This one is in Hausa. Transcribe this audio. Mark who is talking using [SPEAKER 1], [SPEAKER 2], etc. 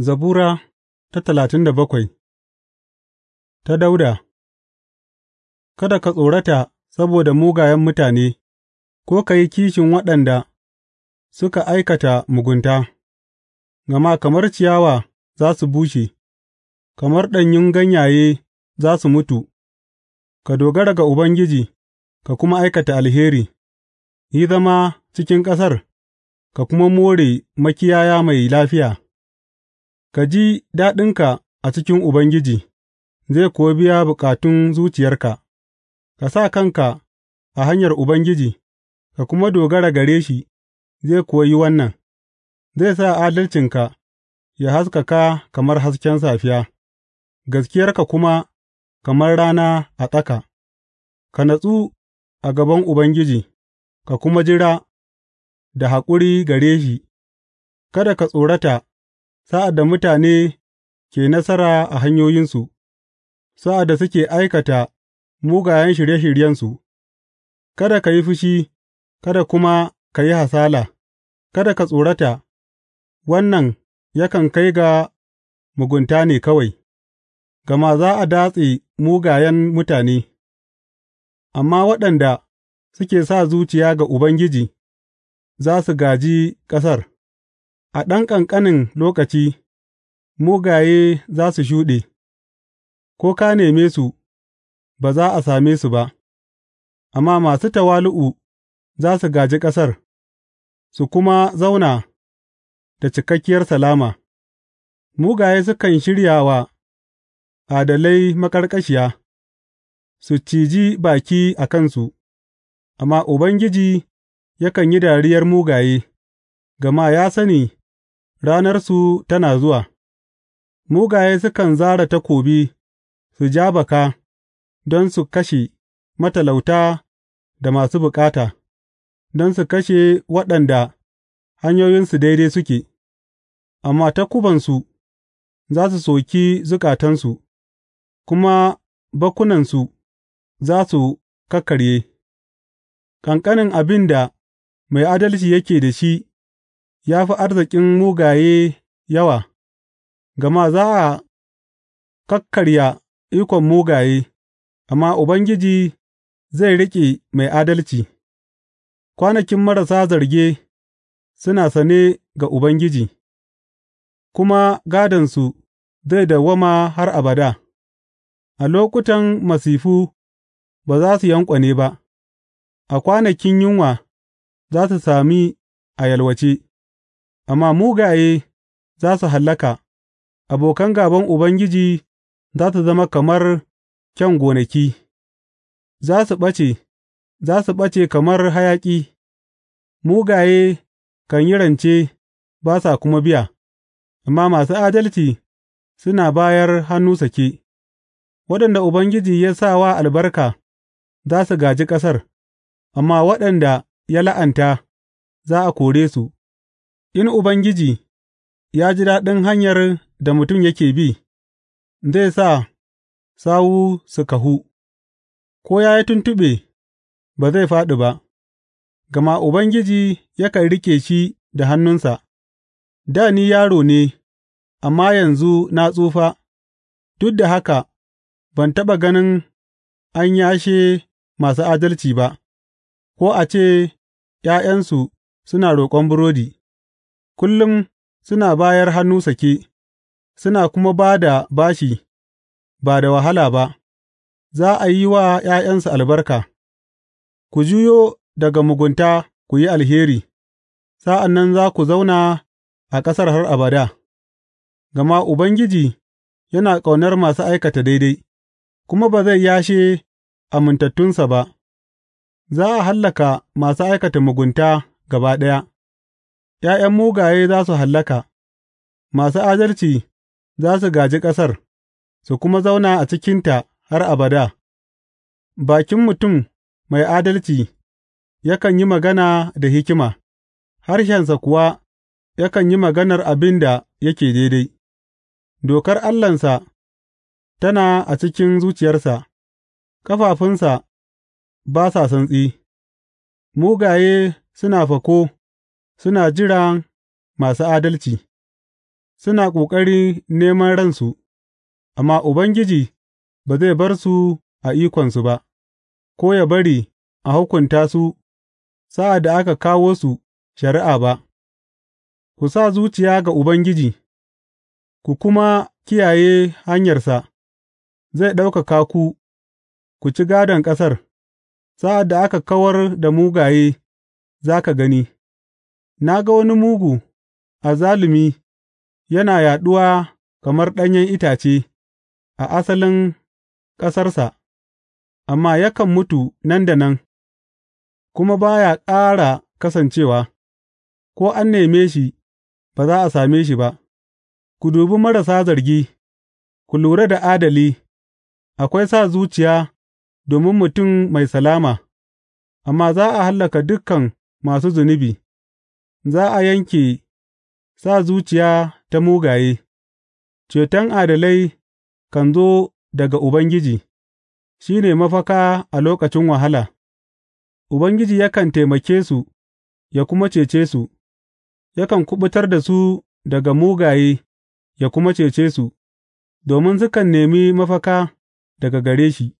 [SPEAKER 1] Zabura ta talatin da bakwai Ta Dauda Kada ka tsorata saboda mugayen mutane, ko ka yi kishin waɗanda suka aikata mugunta, gama kamar ciyawa za su bushe, kamar ɗanyun ganyaye za su mutu, ka dogara ga Ubangiji ka kuma aikata alheri, yi zama cikin ƙasar ka kuma more makiyaya mai lafiya. Ka ji daɗinka a cikin Ubangiji, zai kuwa biya bukatun zuciyarka; ka sa kanka a hanyar Ubangiji ka kuma dogara gare shi, zai kuwa yi wannan; zai sa adalcinka ya haskaka kamar hasken safiya, gaskiyarka kuma kamar rana a tsaka; ka natsu a gaban Ubangiji ka kuma jira da haƙuri gare shi; kada ka tsorata. sa'ad da mutane ke nasara a hanyoyinsu, sa'ad da suke aikata mugayen shirye shiryensu, kada ka yi fushi, kada kuma ka yi hasala, kada ka tsorata, wannan yakan kai ga mugunta ne kawai, gama za a datse mugayen mutane, amma waɗanda suke sa zuciya ga Ubangiji za su gaji ƙasar. A ɗan ƙanƙanin lokaci mugaye za su shuɗe; ko ka neme su, ba za a same su ba, amma masu tawali'u za su gaji ƙasar su kuma zauna da cikakkiyar salama; mugaye sukan shirya wa adalai maƙarƙashiya, su ciji baki a kansu, amma Ubangiji yakan yi dariyar mugaye, gama ya sani. Ranarsu tana zuwa, mugaye sukan zara takobi su ja baka don su kashe matalauta da masu bukata, don su kashe waɗanda hanyoyinsu daidai suke, amma takubansu za su soki zukatansu, kuma bakunansu za su kakkarye, ƙanƙanin abin da mai adalci yake da shi. ya fi arzikin mugaye yawa, gama za a kakkarya ikon mugaye, amma Ubangiji zai riƙe mai adalci, kwanakin marasa zarge suna sane ga Ubangiji, kuma gādonsu zai dawwama har abada, a lokutan masifu ba za su yanƙwane ba, a kwanakin yunwa za su sami a yalwace. Amma mugaye za su hallaka; abokan gāban Ubangiji za su zama kamar kyan gonaki, za su ɓace, za su ɓace kamar hayaƙi; mugaye kan yi rance ba sa kuma biya, amma masu adalci suna bayar hannu sake; waɗanda Ubangiji ya sa wa albarka za su gaji ƙasar, amma waɗanda ya la'anta za a kore su. In Ubangiji ya ji daɗin hanyar da mutum yake bi, zai sa sawu su kahu; ko ya yi tuntuɓe, ba zai fāɗi ba, gama Ubangiji yakan riƙe shi da hannunsa, Da ni yaro ne, amma yanzu na tsufa, duk da haka ban taɓa ganin an yashe masu adalci ba, ko a ce ’ya'yansu suna roƙon burodi. Kullum suna bayar hannu sake, suna kuma ba da bashi ba da wahala ba, za a yi wa ’ya'yansu albarka; ku juyo daga mugunta ku yi alheri, sa'an nan za ku zauna a ƙasar har abada, gama Ubangiji yana ƙaunar masu aikata daidai kuma ba zai yashe amintattunsa ba; za a hallaka masu aikata mugunta gaba ɗaya. ’Ya'yan mugaye za su hallaka, masu adalci za su gāji ƙasar su kuma zauna a cikinta har abada; bakin mutum mai adalci yakan yi magana da hikima, harshensa kuwa yakan yi maganar abin da yake daidai; dokar Allahnsa tana a cikin zuciyarsa, ƙafafunsa ba sa santsi, mugaye suna fako. Suna jira masu adalci, suna ƙoƙari neman ransu, amma Ubangiji ba zai bar su a ikonsu ba, ko ya bari a hukunta su sa'ad da aka kawo su shari'a ba. Ku sa zuciya ga Ubangiji, ku kuma kiyaye hanyarsa, zai ɗaukaka ku, ku ci gādon ƙasar; sa'ad da aka kawar da mugaye, za ka gani. Na ga wani mugu, azzalumi, yana yaɗuwa kamar ɗanyen itace a asalin ƙasarsa, amma yakan mutu nan da nan, kuma ba ya ƙara kasancewa; ko an neme shi, ba za a same shi ba, ku dubi marasa zargi, ku lura da adali, akwai sa zuciya domin mutum mai salama, amma za a hallaka dukan masu zunubi. Za a yanke sa zuciya ta mugaye; ceton adalai kan zo daga Ubangiji, shi ne mafaka a lokacin wahala; Ubangiji yakan taimake su ya kuma cece su, yakan kuɓutar da su daga mugaye ya kuma cece su, domin sukan nemi mafaka daga gare shi.